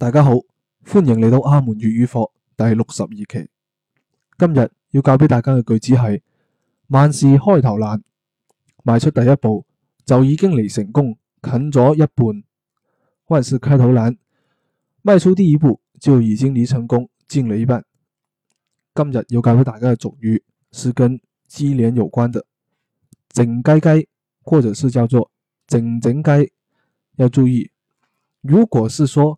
大家好，歡迎嚟到阿門粵語課第六十二期。今日要教俾大家嘅句子係：萬事開頭難，邁出第一步就已經離成功近咗一半；萬事開頭難，邁出第二步就已經離成功近了一半。今日要教俾大家嘅俗語是跟雞年有關的，靜雞雞，或者是叫做靜靜雞，要注意，如果是說。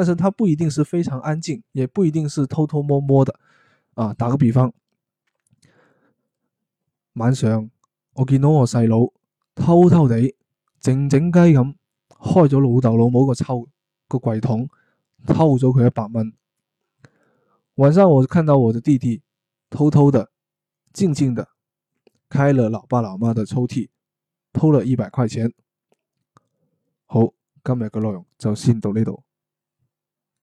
但是他不一定是非常安靜，也不一定是偷偷摸摸的，啊！打個比方，晚上我見到我細佬偷偷地靜靜雞咁開咗老豆老母個抽個櫃桶，偷咗佢一百蚊。晚上我看到我的弟弟偷偷的、靜靜的開了老爸老媽的抽屜，偷了一百塊錢。好，今日嘅內容就先到呢度。